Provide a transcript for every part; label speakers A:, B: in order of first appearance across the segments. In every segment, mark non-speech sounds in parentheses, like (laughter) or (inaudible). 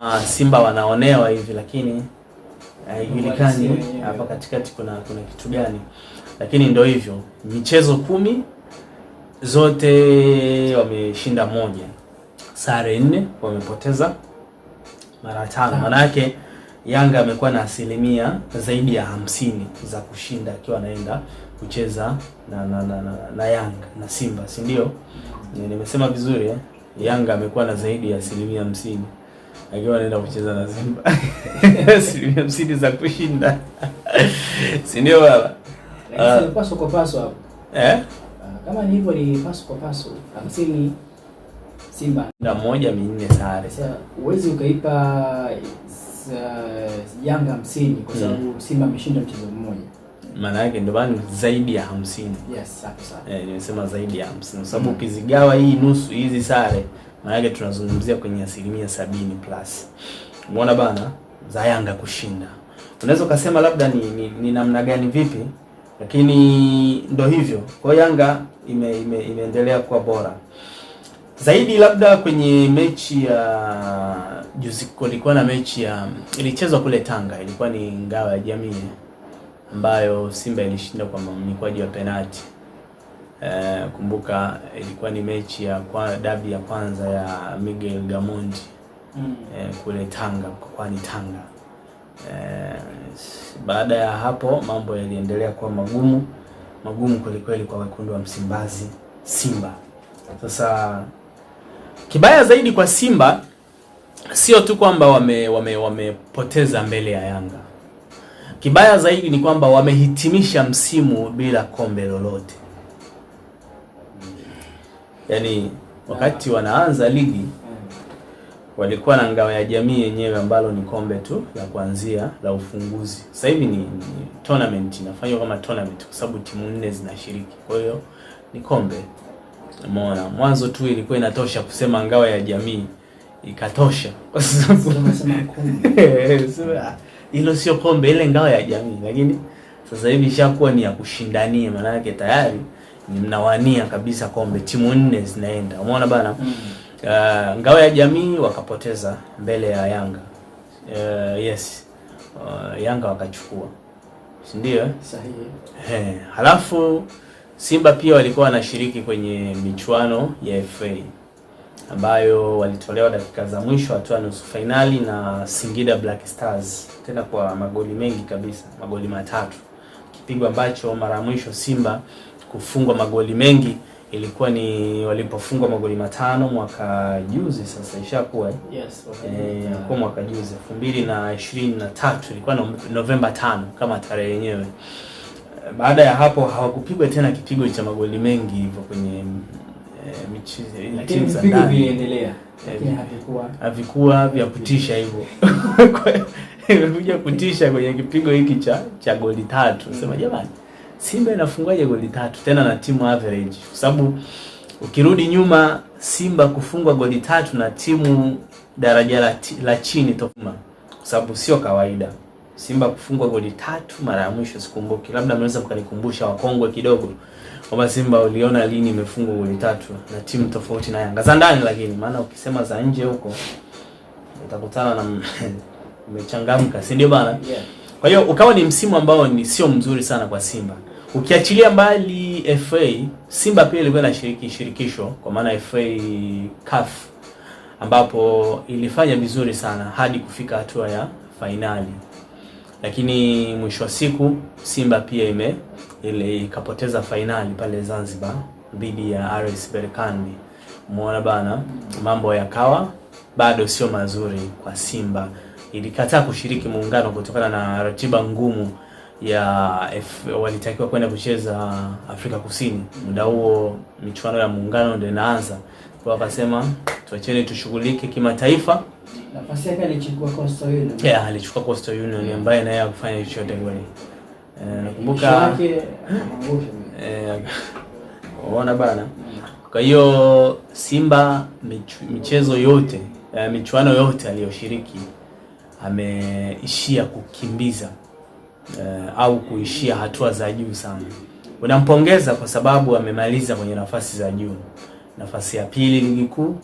A: Uh, Simba wanaonewa hivi lakini eh, haijulikani uh, hapa katikati kuna kuna kitu gani, lakini ndio hivyo, michezo kumi zote wameshinda moja, sare nne, wamepoteza mara tano. Maana yake Yanga amekuwa na asilimia zaidi ya hamsini za kushinda akiwa anaenda kucheza na, na, na, na, na Yanga na Simba, si ndio? Nimesema vizuri eh? Yanga amekuwa na zaidi ya asilimia hamsini akiwa anaenda kucheza na Simba asilimia (laughs) hamsini za kushinda, si ndio baba?
B: Ah. Paso kwa paso hapo eh, ah, kama ni hivyo, ni paso kwa paso hamsini Simba
A: na moja minne sare.
B: Sasa uwezi ukaipa Yanga hamsini kwa sababu hmm, Simba ameshinda mchezo mmoja
A: maana yake ndio maana zaidi ya hamsini.
B: Yes, sawa sawa.
A: Eh, nimesema zaidi ya hamsini kwa sababu hmm. ukizigawa hii nusu hizi sare maanake tunazungumzia kwenye asilimia sabini plus. Umeona bana za Yanga kushinda, unaweza ukasema labda ni, ni, ni namna gani vipi, lakini ndo hivyo kwa Yanga ime, ime, imeendelea kuwa bora zaidi. Labda kwenye mechi ya juzi kulikuwa na mechi ya ilichezwa kule Tanga, ilikuwa ni ngao ya jamii ambayo Simba ilishinda kwa mnikwaji wa penalti. Eh, kumbuka ilikuwa ni mechi ya kwa dabi ya kwanza ya Miguel Gamondi mm. eh, kule Tanga kwani Tanga. eh, baada ya hapo mambo yaliendelea kuwa magumu magumu kwelikweli kwa wekundu wa Msimbazi Simba. Sasa kibaya zaidi kwa Simba sio tu kwamba wamepoteza wame, wame mbele ya Yanga, kibaya zaidi ni kwamba wamehitimisha msimu bila kombe lolote yani wakati wanaanza ligi walikuwa na ngao ya jamii yenyewe ambalo ni kombe tu la kuanzia la ufunguzi. Sasa hivi ni, ni tournament inafanywa kama tournament kwa sababu timu nne zinashiriki, kwa hiyo ni kombe. Umeona, mwanzo tu ilikuwa inatosha kusema ngao ya jamii ikatosha, kwa sababu (laughs) hilo sio kombe, ile ngao ya jamii. Lakini sasa hivi ishakuwa ni ya kushindania, maana yake tayari mnawania kabisa kombe, timu nne zinaenda, umeona bana mm. Uh, ngao ya jamii wakapoteza mbele ya Yanga uh, yes uh, Yanga wakachukua, si ndio? Eh?
B: Sahihi.
A: Halafu Simba pia walikuwa wanashiriki kwenye michuano ya FA ambayo walitolewa dakika za mwisho hatua nusu fainali na Singida Black Stars, tena kwa magoli mengi kabisa, magoli matatu, kipigo ambacho mara ya mwisho Simba kufungwa magoli mengi ilikuwa ni walipofungwa magoli matano mwaka juzi. Sasa ishakuwa yes, e, eh, kuwa mwaka juzi elfu mbili na ishirini na tatu ilikuwa no, Novemba tano kama tarehe yenyewe. Baada ya hapo hawakupigwa tena kipigo cha magoli mengi hivyo kwenye
B: e, timu za ndani
A: havikuwa vya kutisha hivyo (laughs) kuja (laughs) kutisha kwenye kipigo hiki cha cha goli tatu sema jamani. Simba inafungaje goli tatu tena na timu average? Kwa sababu ukirudi nyuma Simba kufungwa goli tatu na timu daraja la, la chini tofuma, kwa sababu sio kawaida Simba kufungwa goli tatu mara ya mwisho sikumbuki, labda mnaweza mkanikumbusha wakongwe kidogo kwamba Simba uliona lini imefungwa goli tatu na timu tofauti na Yanga za ndani, lakini maana ukisema za nje huko utakutana na (laughs) umechangamka, si ndio bana? yeah. Kwa hiyo ukawa ni msimu ambao ni sio mzuri sana kwa Simba. Ukiachilia mbali FA, Simba pia ilikuwa inashiriki shirikisho kwa maana FA CAF ambapo ilifanya vizuri sana hadi kufika hatua ya fainali, lakini mwisho wa siku Simba pia ime ile ikapoteza fainali pale Zanzibar dhidi ya RS Berkane. Muona bana, mambo yakawa bado sio mazuri kwa Simba ilikataa kushiriki muungano kutokana na ratiba ngumu ya F, walitakiwa kwenda kucheza Afrika Kusini. Muda huo michuano ya muungano ndio inaanza, kwa wakasema tuacheni tushughulike kimataifa.
B: Nafasi yake alichukua Coastal Union.
A: Yeah, alichukua Coastal Union yeah, ambaye naye hakufanya chochote kweli. Eh, nakumbuka eh, ona bana. Kwa hiyo Simba michezo yote, eh, michuano yote aliyoshiriki ameishia kukimbiza uh, au kuishia hatua za juu sana. Unampongeza kwa sababu amemaliza kwenye nafasi za juu, nafasi ya pili ligi kuu,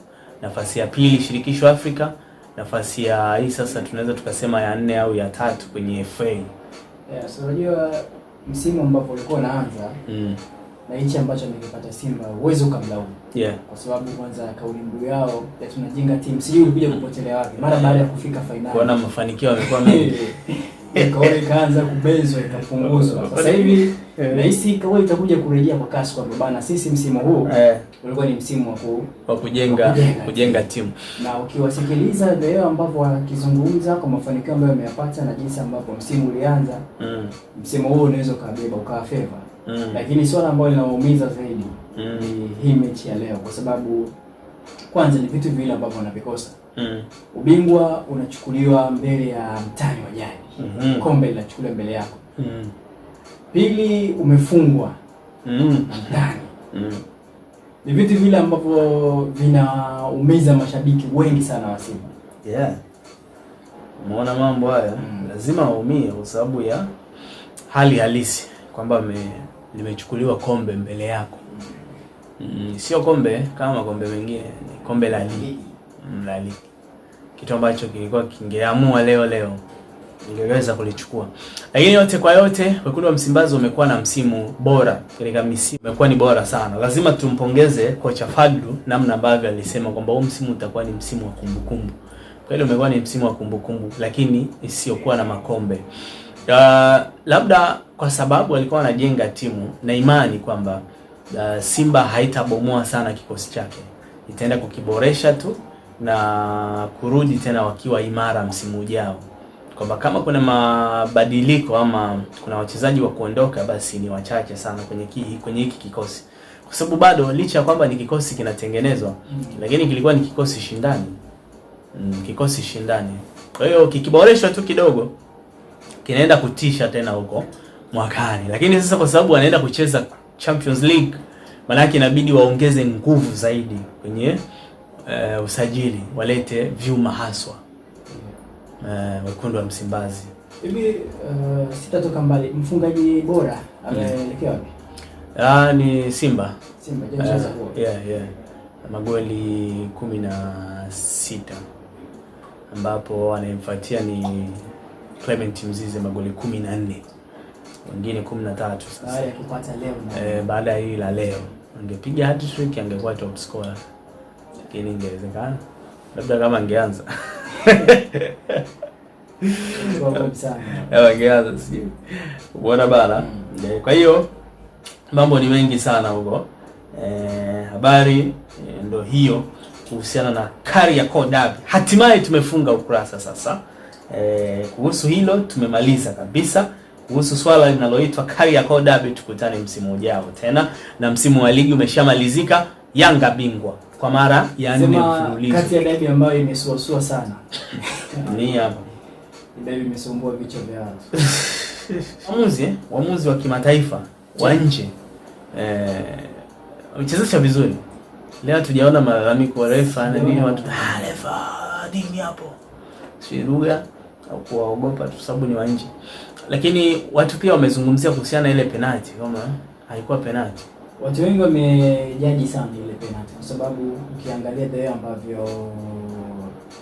A: nafasi ya pili shirikisho Afrika, nafasi ya hii sasa tunaweza tukasema ya nne au ya tatu kwenye FA. Yeah,
B: so unajua msimu ambapo ulikuwa unaanza mm. na hichi ambacho nilipata Simba uwezo kamlaumu yeah. Kwa sababu kwanza kauli mbiu yao ya tunajenga timu sijui ulikuja kupotelea wapi mara baada ya kufika fainali,
A: kuona mafanikio yamekuwa mengi
B: (laughs) kauli ikaanza kubezwa ikapunguzwa. Sasa hivi nahisi kauli itakuja kurejea kwa kasi kwamba bana, sisi msimu huu eh, ulikuwa ni msimu wa ku
A: kujenga kujenga, kujenga timu,
B: na ukiwasikiliza leo ambavyo wanakizungumza kwa mafanikio ambayo wameyapata na jinsi ambavyo msimu ulianza mm. msimu huu unaweza ukabeba ukawa favor mm. Lakini swala ambalo linawaumiza zaidi mm. ni hii mechi ya leo, kwa sababu kwanza ni vitu viwili ambavyo wanavikosa mm. Ubingwa unachukuliwa mbele ya mtani wa jani mm -hmm. Kombe linachukuliwa mbele yako mm. Pili umefungwa mm. na mtani mm. Ni vitu vile ambavyo vinaumiza mashabiki wengi sana wa Simba
A: yeah. Umeona mambo haya mm. Lazima waumie kwa sababu ya hali halisi kwamba limechukuliwa kombe mbele yako mm, sio kombe kama makombe mengine, ni kombe la ligi mm, la ligi, kitu ambacho kilikuwa kingeamua leo leo ingeweza kulichukua. Lakini yote kwa yote, wekundu wa Msimbazi umekuwa na msimu bora katika misimu, umekuwa ni bora sana. Lazima tumpongeze kocha Fadlu namna ambavyo alisema kwamba huu msimu utakuwa ni msimu wa kumbukumbu. Kweli umekuwa ni msimu wa kumbukumbu, lakini isiyokuwa na makombe. Uh, labda kwa sababu walikuwa wanajenga timu na imani kwamba uh, Simba haitabomoa sana kikosi chake, itaenda kukiboresha tu na kurudi tena wakiwa imara msimu ujao, kwamba kama kuna mabadiliko ama kuna wachezaji wa kuondoka, basi ni wachache sana kwenye hiki kwenye kikosi, kwa sababu bado licha ya kwamba ni kikosi kinatengenezwa mm lakini kilikuwa ni kikosi shindani mm, kikosi shindani. Kwa hiyo kikiboreshwa tu kidogo kinaenda kutisha tena huko mwakani, lakini sasa kwa sababu wanaenda kucheza Champions League, maanake inabidi waongeze nguvu zaidi kwenye uh, usajili, walete vyuma haswa uh, wekundu wa Msimbazi.
B: Hivi uh, sitatoka mbali, mfungaji bora ameelekea wapi? Mm.
A: Ah, ni Simba.
B: Simba uh,
A: yeah, yeah. Magoli kumi na sita ambapo anayemfuatia ni Clement Mzize magoli kumi na nne wengine kumi na tatu baada ya eh, hili la leo angepiga hat-trick angekuwa top scorer, lakini ingewezekana labda kama angeanza angeanza si bana. Mm. Kwa hiyo mambo ni mengi sana huko eh, habari eh, ndo hiyo kuhusiana na Kariakoo Derby. Hatimaye tumefunga ukurasa sasa. kuhusu hilo tumemaliza kabisa kuhusu swala linaloitwa Kariakoo Derby. Tukutane msimu ujao tena, na msimu wa ligi umeshamalizika. Yanga bingwa kwa mara ya nne
B: mfululizo, kati ya derby ambayo imesuasua sana
A: (laughs) ni hapa
B: derby imesumbua vichwa vya watu
A: waamuzi (laughs) waamuzi eh? wa kimataifa wa nje eh, mchezesha vizuri leo. Tujaona malalamiko wa refa na nini, watu ah, refa nini hapo, si lugha au kuwaogopa tu sababu ni wa nje. Lakini watu pia wamezungumzia kuhusiana ile penalti kama haikuwa penalti.
B: Watu wengi wamejaji sana ile penalti kwa sababu ukiangalia the ambavyo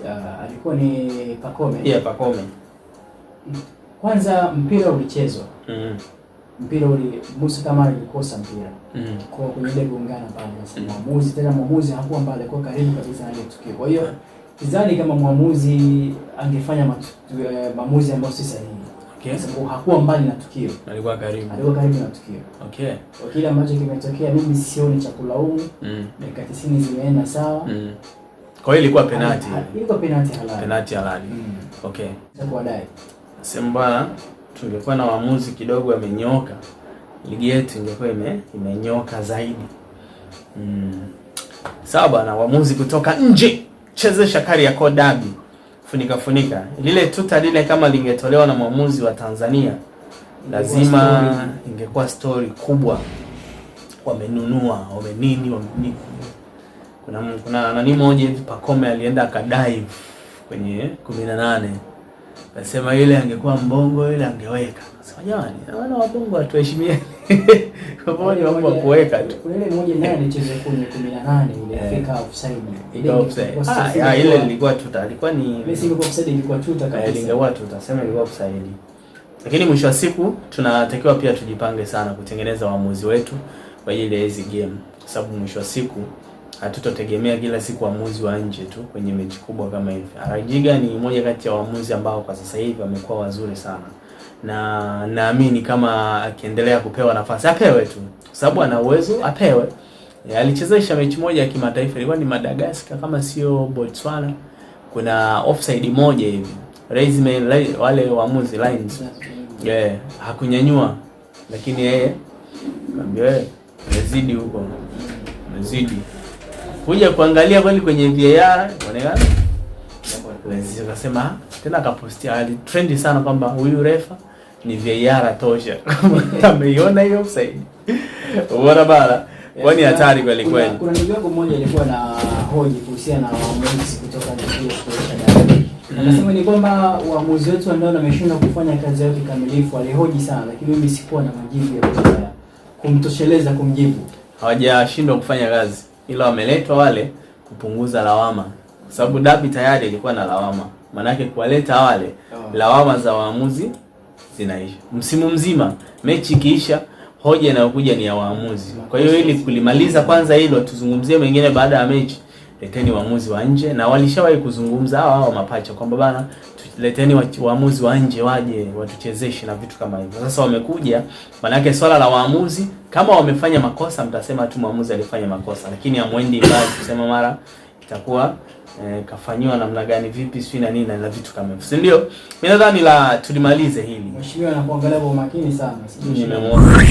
B: uh, alikuwa ni Pacome. Yeah, Pacome. Kwanza mpira ulichezwa. Mm -hmm. Mpira uli Musa kama alikosa mpira. Mm Kwa kwenye ile gongana pale. Mm -hmm. Mwamuzi tena mwamuzi hakuwa mbali kwa karibu kabisa na ile tukio. Kwa hiyo sidhani kama mwamuzi angefanya eh, maamuzi ambayo si sahihi. Okay. Kwa hakuwa mbali na tukio.
A: Alikuwa karibu.
B: Alikuwa karibu na tukio. Okay. Kwa kile ambacho kimetokea mimi sioni cha kulaumu. Mm. Dakika 90 zimeenda sawa. Mm.
A: Kwa hiyo ilikuwa penalty.
B: Ilikuwa penalty halali.
A: Penalty halali. Mm. Okay. Sasa kwa dai. Simba tungekuwa na waamuzi kidogo amenyoka. Ligi yetu ingekuwa ime imenyoka zaidi. Mm. Sawa bwana, waamuzi kutoka nje. Chezesha Kariakoo Derby funika funika lile tuta lile, kama lingetolewa na mwamuzi wa Tanzania lazima ingekuwa story kubwa, wamenunua wamenini wamenini. Kuna kuna nani moja hivi Pakome alienda akadai kwenye 18 nasema ile angekuwa mbongo ile angeweka. Sasa jamani, wana wabongo watuheshimie moja (laughs) mambo ya kuweka tu.
B: Kuna ile moja naye alicheza kwenye 18 ile afika eh. offside.
A: Ile offside. Ah, ile ilikuwa tuta. Ilikuwa ni
B: Messi ilikuwa offside ilikuwa tuta eh,
A: kabisa. Ilikuwa tuta. Sema ilikuwa offside. Lakini mwisho wa siku tunatakiwa pia tujipange sana kutengeneza waamuzi wetu kwa ajili ya hizi game, kwa sababu mwisho wa siku hatutotegemea kila siku waamuzi wa nje tu kwenye mechi kubwa kama hivi. Arajiga ni moja kati ya waamuzi ambao kwa sasa hivi wamekuwa wazuri sana na naamini kama akiendelea kupewa nafasi apewe tu, kwa sababu ana uwezo, apewe. Eh, alichezesha mechi moja ya kimataifa, ilikuwa ni Madagascar kama sio Botswana, kuna offside moja hivi Raisman wale waamuzi lines yeah, hakunyanyua, lakini yeye kaambia wewe eh, umezidi huko, umezidi kuja kuangalia kweli kwenye VAR lazima kasema ah, tena, akapostia, trendi sana kwamba huyu refa ni VAR tosha. (laughs) Ameiona hiyo offside. bora bana? Kwani hatari kweli kweli.
B: Kuna ndugu yangu mmoja alikuwa na hoji kuhusiana na waamuzi kutoka ndio Anasema ni kwamba waamuzi wetu ambao wameshindwa kufanya kazi yao kikamilifu, alihoji sana, lakini mimi sikuwa na majibu ya kutosha kumtosheleza kumjibu.
A: Hawajashindwa kufanya kazi, ila wameletwa wale kupunguza lawama, kwa sababu dabi tayari ilikuwa na lawama, maanake kuwaleta wale oh. lawama za waamuzi zinaisha msimu mzima. Mechi ikiisha, hoja inayokuja ni ya waamuzi. Kwa hiyo ili kulimaliza kwanza hilo, tuzungumzie mengine baada ya mechi. Leteni waamuzi wa nje, na walishawahi kuzungumza hawa hawa mapacha kwamba bana, leteni waamuzi wa nje waje watuchezeshe na vitu kama hivyo. Sasa wamekuja, manake swala la waamuzi, kama wamefanya makosa, mtasema tu mwamuzi alifanya makosa, lakini amwendi mbali kusema mara itakuwa eh, kafanyiwa namna gani, vipi, sio na nini na vitu kama hivyo, si ndio? Mimi nadhani la tulimalize hili.
B: Mheshimiwa anakuangalia kwa umakini sana. Nimemwona.